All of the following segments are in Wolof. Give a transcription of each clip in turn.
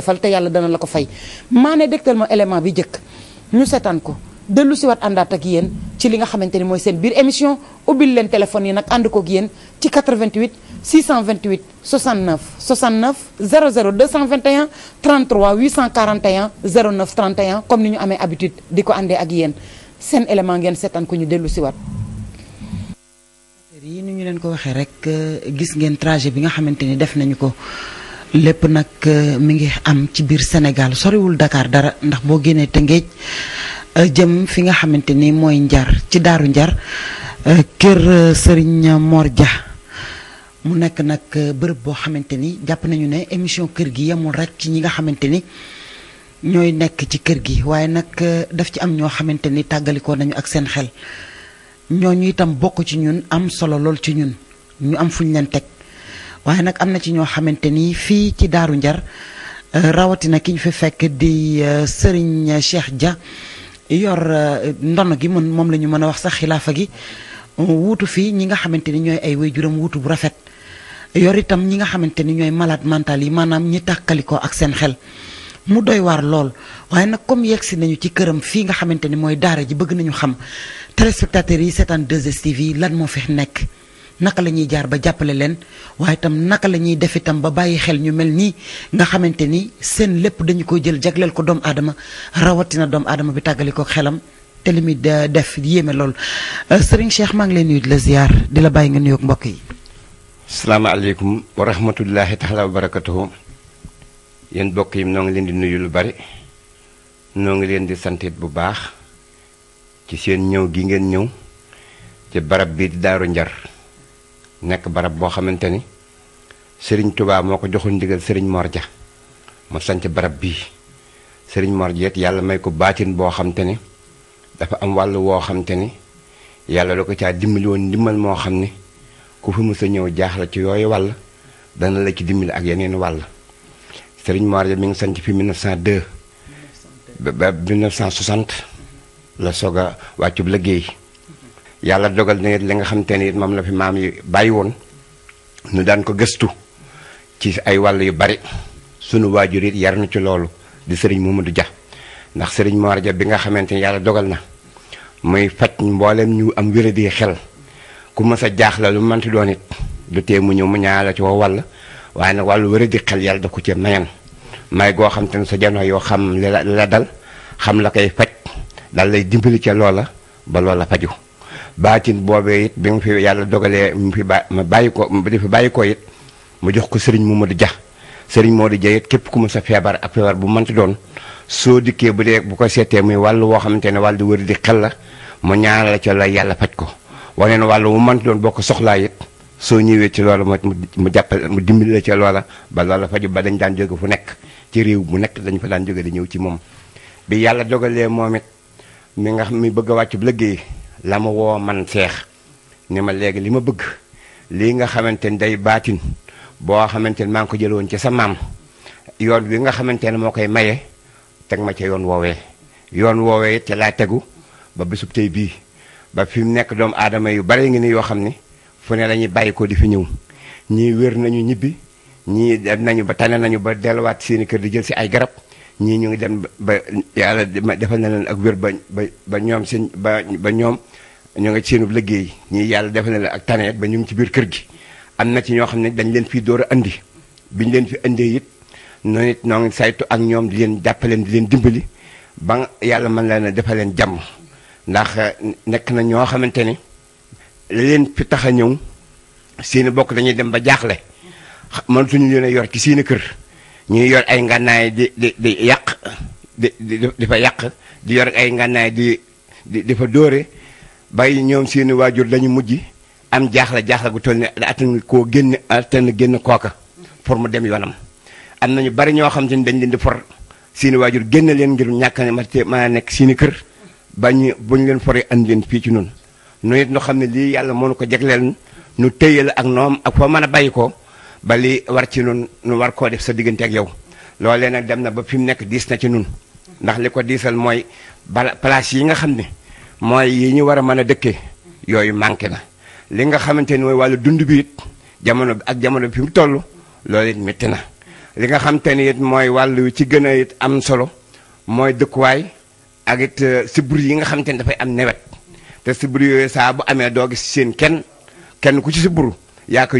defal te yàlla dana la ko fay maa ne dégtal ma élément bi jëkk ñu seetaan ko dellu si waat àndaat ak yéen ci li nga xamante ni mooy seen biir émission ubbil leen téléphone yi nag ànd koog yéen ci 88 628 69 cent 00 221 33 841 09 31 comme ni ñu amee habitude di ko àndee ak yéen seen élément ngeen seetaan ko ñu dellu si wat yi ni ñu leen ko waxee rek gis ngeen trajet bi nga xamante ni def nañu ko lépp nag euh, mu ngi am ci biir Sénégal soriwul Dakar dara ndax boo génnee Tëngéej euh, jëm fi nga xamante ni mooy njar ci daaru njar euh, kër Serigne Mor ja mu nekk nag bërëb boo xamante ni jàpp nañu ne émission kër gi yemul rek ci ñi nga xamante ni ñooy nekk ci kër gi waaye nag daf ci am ñoo xamante ni tàggalikoo nañu ak seen xel ñooñu itam bokk ci ñun am solo lool ci ñun ñu am fuñ leen teg. waaye nag am na ci ñoo xamante nii fii ci Daaru Njar euh, rawatina ki ñu fi fekk di euh, Serigne Cheikh Dia yor euh, ndono gi mën moom la ñu mën a wax sax xilaafa gi wutu fii ñi nga xamante ni ñooy ay waajuram wuutu bu rafet yor itam ñi nga xamante ni ñooy malaat mental yi maanaam ñi tàkkalikoo ak seen xel mu doy waar lool waaye nag comme yegsi nañu ci këram fii nga xamante ni mooy daara ji bëgg nañu xam téléspectateurs yi seetaan 2STV yi lan moo fi nekk naka la ñuy jaar ba jàppale leen waaye itam naka lañuy def itam ba bàyyi xel ñu mel nii nga xamante ni seen lépp dañu ko jël jagleel ko doomu aadama rawatina doomu aadama bi tàggali ko xelam te li muy def yéeme lool euh, Serigne Cheikh maa leen lay nuyu di la ziar di la bàyyi nga nuyoog mbokk yi. salaamaaleykum wa rahmatullahi tax la barakatuhu yéen mbokk yi noo ngi leen di nuyu lu bari noo ngi leen di santit bu baax ci seen ñëw gi ngeen ñëw ci barab bii di Daaru Njar. nekk barab boo xamante ni sëriñ tubaab moo ko joxul ndigal sëriñ Mor Dia mu sañc barab bii sëriñ Mor Dia yàlla may ko baatin boo xamante ni dafa am wàll woo xamante ni yàlla la ko caa dimbali woon ndimbal moo xam ni ku fi mës a ñëw jaaxle ci yooyu wàll dana la ci dimbali ak yeneen wàll sëriñ Mor Dia mi ngi sanc fi 1902 ba 1960 la soog a wàccub liggéey yàlla dogal na it li nga xam te yit moom la fi maam yi bàyyi woon nu daan ko gëstu ci ay wàll yu bari sunu waajur it yar na ci loolu di sëriñ Mamadou Dia ndax sëriñ Mor Dia bi nga xamante ni yàlla dogal na muy faj mboolem ñu am wéradi xel ku mës a jaaxle lu mënti doon it du tee mu ñëw mu ñaa la ci woo wàll waaye nag wàllu wéradi xel yàlla da ko ci mayan may goo xam te ne sa janoo yoo xam la dal xam la koy faj dal lay dimbali ca loola ba loola baatin boobee it bi mu fi yàlla dogalee mu fi ba ma bàyyi ko di fi bàyyi ko it mu jox ko sëriñ Momadou Dia sëriñ Momadou Dia it képp ku mu sa feebar ak feebar bu mënti doon soo dikkee bu dee bu ko seetee muy wàllu woo xamante ne wàllu war di xel la mu ñaanal ca la yàlla faj ko waneen wàllu mu mant doon boo ko soxlaa it soo ñëwee ci loola mu jàppale mu dimbali la ca loola ba loola faju ba dañ daan jóge fu nekk ci réew bu nekk dañu fa daan jóge di ñëw ci moom bi yàlla dogalee moom it mi nga xam mi bëgg a wàcc liggéey lamu ma woo man seex ni ma léegi li ma bëgg lii nga xamante ni day baatin boo xamante ni maa ngi ko jëloon ci sa maam yoon wi nga xamante ne moo koy maye teg ma ca yoon woowee yoon woowee te laa tegu ba bésub tey bii ba fi mu nekk doomu aadama yu bare ngi ni yoo xam ne fu ne la ñuy bàyyi ko di fi ñëw ñii wér nañu ñibbi ñii dem nañu ba tane nañu ba delluwaat seeni kër di jël si ay garab ñii ñu ngi dem ba yàlla defal na leen ak wér ba ba ñoom seen ba ba ñoom ñoo ngi seenub liggéey ñii yàlla defal na leen ak taneet ba ñu ci biir kër gi am na ci ñoo xam ne dañ leen fii door a andi biñ leen fi indee it noonu it noo ngi saytu ak ñoom di leen jàppaleen di leen dimbali ba yàlla mën la ne defal leen jàmm ndax eh, nekk na ñoo xamante ne la leen fi tax a ñëw seeni bokk dañuy dem ba jaaxle mënatuñu leen a yor ci seeni kër ñuy yor ay ngannaay di di yàq di di fa yàq di yor ay ngànnaay di di di fa dóore bàyyi ñoom seeni waajur dañu mujj am jaaxla jaaxle gu toll ne attan koo génn attan kooka pour mu dem yoonam am nañu bari ñoo xam te ni dañ leen di for seeni waajur génn leen ngir ñàkk ma ma nekk seeni kër bañu ñu leen for andi leen fii ci noonu nu it nu xam ne lii yàlla moo nu ko jagleel nu téyal ak noom ak fa mën a bàyyi ko ba li war ci nun nu war koo def sa diggante ak yow loolee nag dem na ba fi mu nekk diis na ci nun ndax li ko diisal mooy bala place yi nga xam ni mooy yi ñu war a mën a dëkkee yooyu manqué na li nga xamante ni mooy wàllu dund bi it jamono bi ak jamono bi fi mu toll loolu it métti na li nga xamante ni it mooy wàllu ci gën a it am solo mooy dëkkuwaay ak it euh, sibbiru yi nga xamante ni dafay am nawet te sibbiru yooyu saa bu amee doo gis seen kenn kenn ku ci sibbiru yaa ko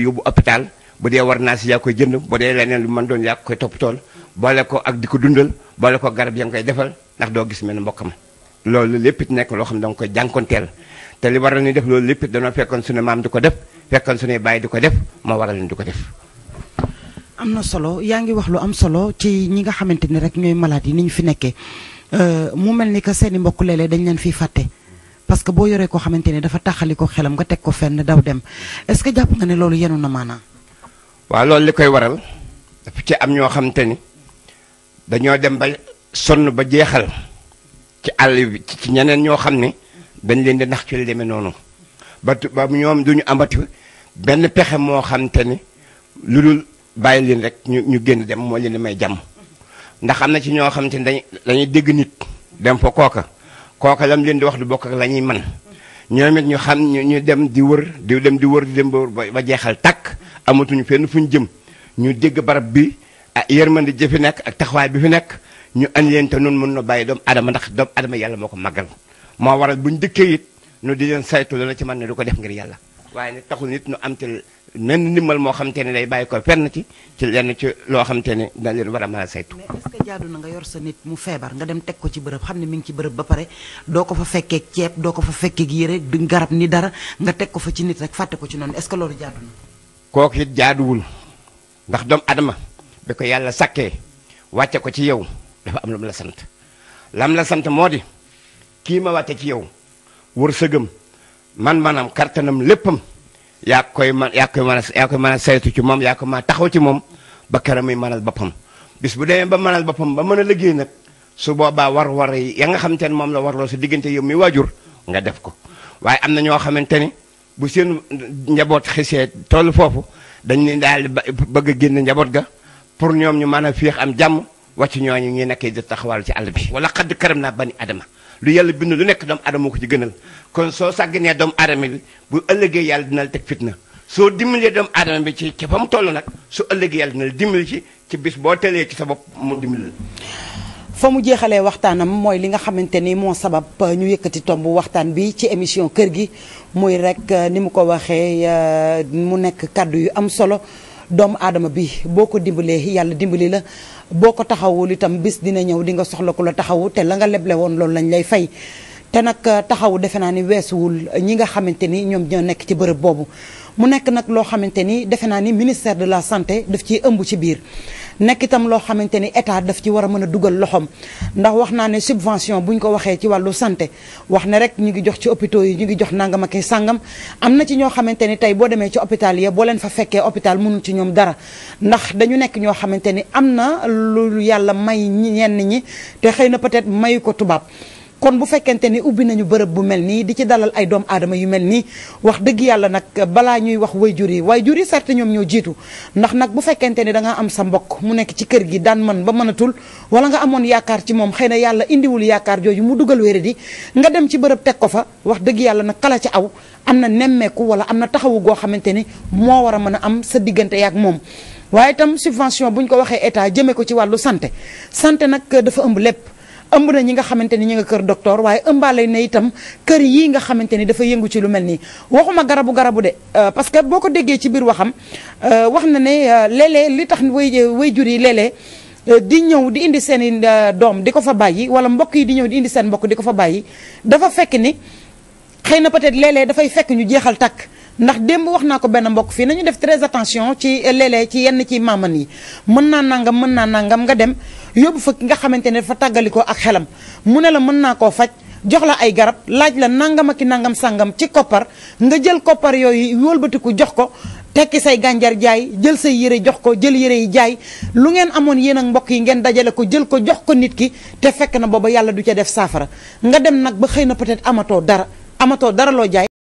bu dee war naa si yaa koy jënd bu dee leneen lu mën doon yaa koy topp tool boole ko ak di ko dundal boole ko garab ya ngi koy defal ndax doo gis mel ne mbokkam loolu lépp it nekk loo xam ne da nga koy te li waral ni def loolu lépp it fekkoon suñu maam di ko def fekkoon suñuy bàyyi di ko def moo waral ni di ko def am na solo yaa ngi wax lu am solo ci ñi nga xamante ni rek ñooy malade yi ni ñu fi nekkee euh, mu mel ni que seen i mbokk léeg dañ leen fiy fàtte parce que boo yoree koo xamante ni dafa taxali ko xelam nga teg ko fenn daw dem est-ce que jàpp nga ne loolu yenu na maanaam waa loolu li koy waral dafa ci am ñoo xam ni dañoo dem ba sonn ba jeexal ci àll bi ci ñeneen ñoo xam ne dañ leen di nax ci li demee noonu ba ba ñoom du ñu amati benn pexe moo xam te ni lu dul bàyyi leen rek ñu ñu génn dem moo leen di may jàmm ndax am na ci ñoo xam te ni dañuy dañuy dégg nit dem fa kooka kooka lam leen di wax du bokk ak la ñuy man ñoom it ñu xam ñu dem di wër di dem di wër di dem ba ba jeexal tàkk amatuñu fenn fu ñu jëm ñu dégg barab bi ah yërmande ji fi nekk ak taxawaay bi fi nekk ñu andi leen te noonu mën na bàyyi doomu adama ndax doomu adama yàlla moo ko màggal moo waral bu ñu dëkkee it ñu di leen saytu la ci man ne du ko def ngir yàlla waaye nag taxul nit ñu am te moo xam te ne day bàyyi ko fenn ci ci lenn loo xam te ne da leen war a mën a saytu. na nga yor sa nit mu feebar nga dem teg ko ci bërëb xam ne mi ngi ci bërëb ba pare doo ko fa fekkee ceeb doo ko fa fekkee yére du garab ni dara nga teg ko fa ci nit rek fàtte ko ci noonu est-ce loolu jaadu na kooku it jaaduwul ndax doomu adama bi ko yàlla sakkee wàcce ko ci yow dafa am lu mu la sant lam la sant moo di kii ma wàcce ci yow wërsëgam man-manam kartanam léppam yaa koy man koy mën a yaa koy mën a saytu ci moom yaa koy mën taxaw ci moom ba keroog muy mënal boppam bis bu demee ba mënal boppam ba mën a liggéey nag su boobaa war-war yi nga xamante ne moom la warloo sa diggante yow mi waajur nga def ko waaye am na ñoo xamante bu seen njaboot xisee toll foofu dañ leen daal bëgg génn njaboot ga pour ñoom ñu mën a féex am jàmm wàcc ñooñu ñuy nekkee di taxawal ci àll bi. wala xadd karam naa bani adama lu yàlla bind lu nekk doomu adama ko ci gënal kon soo sàgganee doomu adama bi bu ëllëgee yàlla dina la teg fitna soo dimbalee doomu adama bi ci ca fa mu toll nag su ëllëgee yàlla dina la dimbali ci ci bis boo telee ci sa bopp mu dimbali fa mu jeexalee waxtaanam mooy li nga xamante ni moo sabab euh, ñu yëkkati tomb waxtaan bi ci émission kër gi muy rek euh, ni mu ko waxee euh, mu nekk kàddu yu am solo doomu aadama bi boo ko dimbalee yàlla dimbali la boo ko taxawul itam bis dina ñëw di nga soxla ko la taxawu te la nga leble woon loolu lañ lay fay te nag taxawu defe naa ni weesuwul ñi nga xamante ni ñoom ñoo nekk ci bërëb boobu mu nekk nag loo xamante ni defe naa ni ministère de la santé daf ciy ëmb ci biir nekk itam loo xamante ni état daf ci war a mën a dugal loxoom ndax wax naa ne subvention bu ñu ko waxee ci wàllu sante wax ne rek ñu ngi jox ci hôpitaux yi ñu ngi jox nangam ak sàngam am na ci ñoo xamante ni tey boo demee ci hôpital ya boo leen fa fekkee hôpital mënul ci ñoom dara ndax dañu nekk ñoo xamante ni am na lu yàlla may ñenn ñi te xëy na peut-être mayu ko tubaab kon bu fekkente ni ubbi nañu bërëb bu mel nii di ci dalal ay doom aadama yu mel nii wax dëgg yàlla nag balaa ñuy wax wayjur yi waay jur yi sarte ñoom ñoo jiitu ndax nag bu fekkente ni danga am sa mbokk mu nekk ci kër gi daan mën ba mënatul wala nga amoon yaakaar ci moom xëy na yàlla indiwul yaakaar jooju mu dugal wéere di nga dem ci bërëb teg ko fa wax dëgg yàlla nag kala ci aw am na nemmeeku wala am na taxawu goo xamante ni moo war a mën a am sa diggante yaak moom waaye itam subvention bu ñu ko waxee état jëmee ko ci wàllu santé santé nag dafa ëmb lépp ëmb na ñi nga xamante ni ñu nga kër docteur waaye ëmbaale na itam kër yii nga xamante ni dafa yëngu ci lu mel nii waxuma garabu garabu de euh, parce que boo ko déggee ci biir waxam euh, wax na ne euh, léeg-léeg li tax way way jur yi léeg di ñëw di indi seen i doom di ko fa bàyyi wala mbokk yi di ñëw di indi seen mbokk di ko fa bàyyi dafa fekk ni xëy na peut-être léeg dafay fekk ñu jeexal takk ndax démb wax naa ko benn mbokk fii nañu def très attention ci léeg ci yenn ci maaman yi mën naa nangam mën naa nangam nga dem yóbbu fa ki nga xamante ne dafa tàggalikoo ak xelam mu ne la mën naa koo faj jox la ay garab laaj la nangam ak nangam sangam ci koppar nga jël koppar yooyu wëlbatiku jox ko tekki say gànjar jaay jël say yére jox ko jël yére yi jaay lu ngeen amoon yéen ak mbokk yi ngeen dajale ko jël ko jox ko nit ki te fekk na booba yàlla du ca def saafara nga dem nag ba xëy na peut-être amatoo dara amatoo dara loo jaay.